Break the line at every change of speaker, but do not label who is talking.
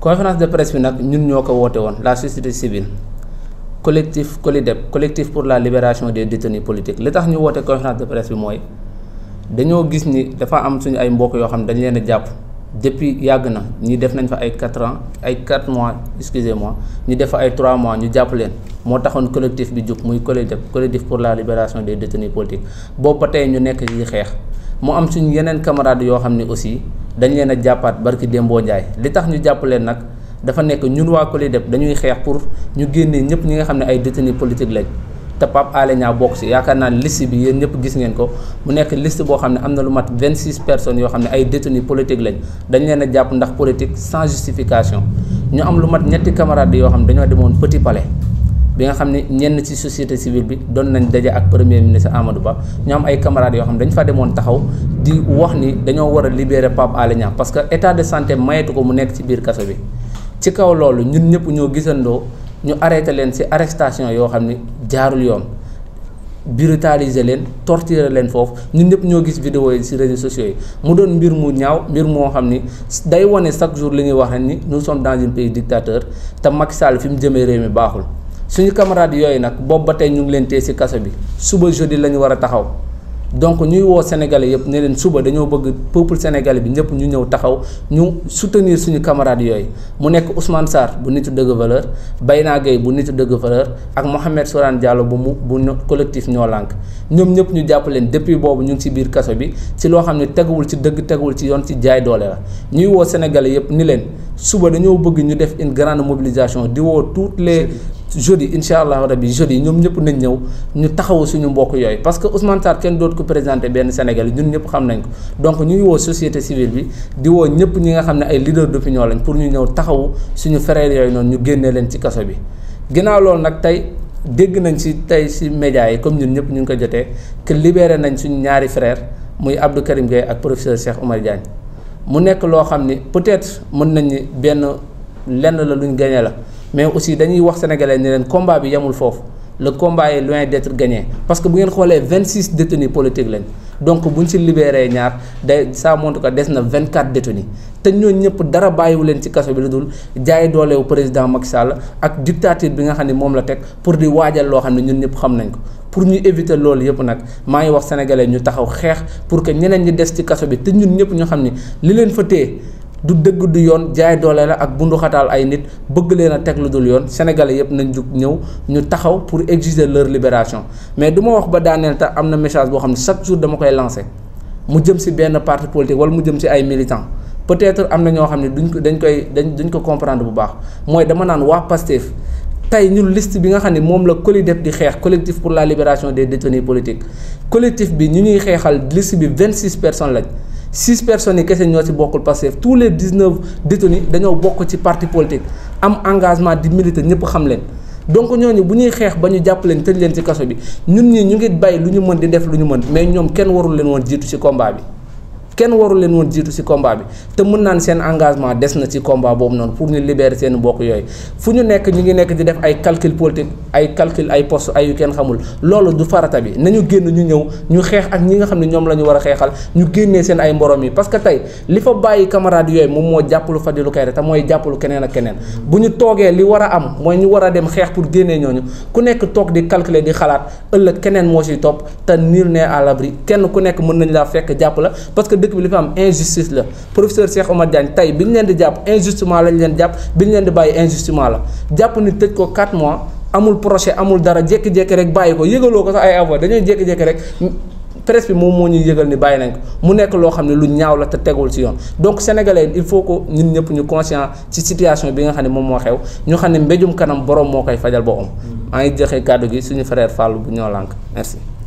conférence de presse bi nag ñun ñoo ko woote woon la société civile collectif COLIDEP collectif pour la libération des détenus politiques li tax ñu woote conférence de presse bi mooy dañoo gis ni dafa am suñu ay mbokk yoo xam dañ leen a jàpp depuis yàgg na ñi def nañ fa ay quatre ans ay quatre mois excusez mois ñu def fa ay trois mois ñu jàpp leen moo taxoon collectif bi jóg muy COLIDEP collectif pour la libération des détenus politiques boobu ba tey ñu nekk yi xeex mu am suñu yeneen camarades yoo xam ne aussi dañu leen a jàppaat barki démboo njaay li tax ñu jàpp leen nag dafa nekk ñun waa COLIDEP dañuy xeex pour ñu génnee ñëpp ñi nga xam ne ay détenus politique lañ te Pape Alé bokk si yaakaar naa ne liste bi yéen ñëpp gis ngeen ko mu nekk liste boo xam ne am na lu mat vingt 26 personnes yoo xam ne ay détenus politique lañ dañ leen a jàpp ndax politique sans justification ñu am lu mat ñetti camarades yoo xam ne dañoo demoon Petit pale bi nga xam ne ñenn ci société civile bi doon nañ daje ak premier ministre Amadou Ba ñu am ay camarades yoo xam dañ fa demoon taxaw di wax ni dañoo war a libérer Pape Alé Niang parce que état de santé mayetu ko mu nekk ci biir kaso bi ci kaw loolu ñun ñëpp ñoo gisandoo ñu arrêté leen ci arrestation yoo xam ni jaarul yoon brutaliser leen torturer leen foofu ñun ñëpp ñoo gis vidéo yi ci réseaux sociaux yi mu doon mbir mu ñaaw mbir moo xam ni day wane chaque jour li ñuy wax ni nous sommes dans un te Macky Sall fi mu jëmee réew mi baaxul suñu camarade yooyu nag boobu ba tey ñu ngi leen téye ci kaso bi suba jeudi la ñu war a taxaw donc ñuy woo sénégalais yëpp ne leen suba dañoo bëgg peuple sénégalais bi ñëpp ñu ñëw taxaw ñu soutenir suñu camarade yooyu mu nekk Ousmane Sarr bu nitu dëgg valeur Bayna Gueye bu nitu dëgg valeur ak Mohamed Sourane Diallo bu mu bu collectif ñoo lànk ñoom ñëpp ñu jàpp leen depuis boobu ñu ngi ci biir kaso bi ci loo xam ne teguwul ci dëgg teguwul ci yoon ci jaay doole la woo sénégalais yëpp ni leen suba dañoo bëgg ñu def une grande mobilisation di woo toutes les jeudi incha allah rabi jeudi ñoom ñëpp nañ ñëw ñu taxawu suñu mbokk yooyu parce que Ousmane kenn dootu ko présenté benn Sénégal ñun ñëpp xam nañ ko donc ñu ngi woo société civile bi di woo ñëpp ñi nga xam ne ay leader d'opinion lañ pour ñu ñëw taxawu suñu frères yooyu noonu ñu génnee leen ci kaso bi ginnaaw loolu nag tey dégg nañ ci tey ci médias yi comme ñun ñëpp ñu ngi ko jotee que libéré nañ suñu ñaari frère muy Abdou Karim Gueye ak professeur Cheikh Oumar Diagne mu nekk loo xam ni peut-être mën nañ ni benn lenn la luñ gañe la mais aussi dañuy wax sénégalais ni leen combat bi yemul foofu le combat est loin d'être gagné parce que bu ngeen xoolee 26 détenus politiques lañ donc bu ñu si libéré ñaar day ça montre des na vingt 24 détenus te ñooñu ñëpp dara bàyyiwu leen ci kaso bi lu dul jaay dooleewu président Macky Sall ak dictature bi nga xam ne moom la teg pour di waajal loo xam ne ñun ñëpp xam nañ ko. pour ñu éviter loolu yëpp nag maa ngi wax sénégalais ñu taxaw xeex pour que ñeneen ñi des ci kaso bi te ñun ñëpp ñu xam ni li leen fa téye du dëgg du yoon jaay doole la ak bunduxataal ay nit bëgg leen a teg lu dul yoon sénégalais yëpp nañ jug ñëw ñu taxaw pour exiger leur libération mais du ma wax ba daaneel am na message boo xam ne chaque jour dama koy lancé mu jëm si benn parti politique wala mu jëm si ay militants peut-être am na ñoo xam ne duñ ko dañ koy dañ duñ ko comprendre bu baax mooy dama naan waa Pastef tey ñun liste bi nga xam ne moom la def di xeex collectif pour la libération des détenus politiques collectif bi ñu ñuy xeexal liste bi 26 personnes lañ. six personnes yi kese ñoo ci bokkul Pastef tous les dix neuf détenus dañoo bokk ci parti politique am engagement di militer ñëpp xam leen donc ñooñu bu ñuy xeex ba ñu jàpp leen tëj leen ci kaso bi ñun ñi ñu ngi bàyyi lu ñu mën di def lu ñu mën mais ñoom kenn warul leen woon jiitu ci combat bi. kenn waru leen woon jiitu ci combat bi te mën naan seen engagement des na ci combat boobu noonu pour ñu libérer seen mbokk yooyu fu ñu nekk ñu ngi nekk di def ay calcul politique ay calcul ay poste ay yu kenn xamul loolu du farata bi nañu génn ñu ñëw ñu xeex ak ñi nga xam ne ñoom la ñu war a xeexal ñu génnee seen ay mborom yi parce que tey li fa bàyyi camarade yooyu moom moo jàppalu Fadilou Keïta te mooy jàppalu keneen ak keneen bu ñu toogee li war a am mooy ñu war a dem xeex pour génnee ñooñu ku nekk toog di calculer di xalaat ëllëg keneen moo ciy topp te niil ne à kenn ku nekk mën nañ laa fekk jàpp la dëkk bi li fi am injustice la professeur Cheikh Omar Diagne tey bi ñu leen di jàpp injustement lañ leen jàpp bi ñu leen di bàyyi injustement la jàpp ni tëj ko 4 mois amul projet amul dara jékki-jékki rek bàyyi ko yëgaloo ko sax ay avocat dañuy jékki-jékki rek presse moom moo ñuy yëgal ni bàyyi nañ ko mu nekk loo xam ne lu ñaaw la te tegul ci yoon donc sénégalais il faut que ñun ñëpp ñu conscient ci situation bi nga xam ne moom moo xew ñu xam ne mbejum kanam borom moo koy fajal ba om ngi joxe kàddu gi suñu frère Fallou bu ñoo lànk merci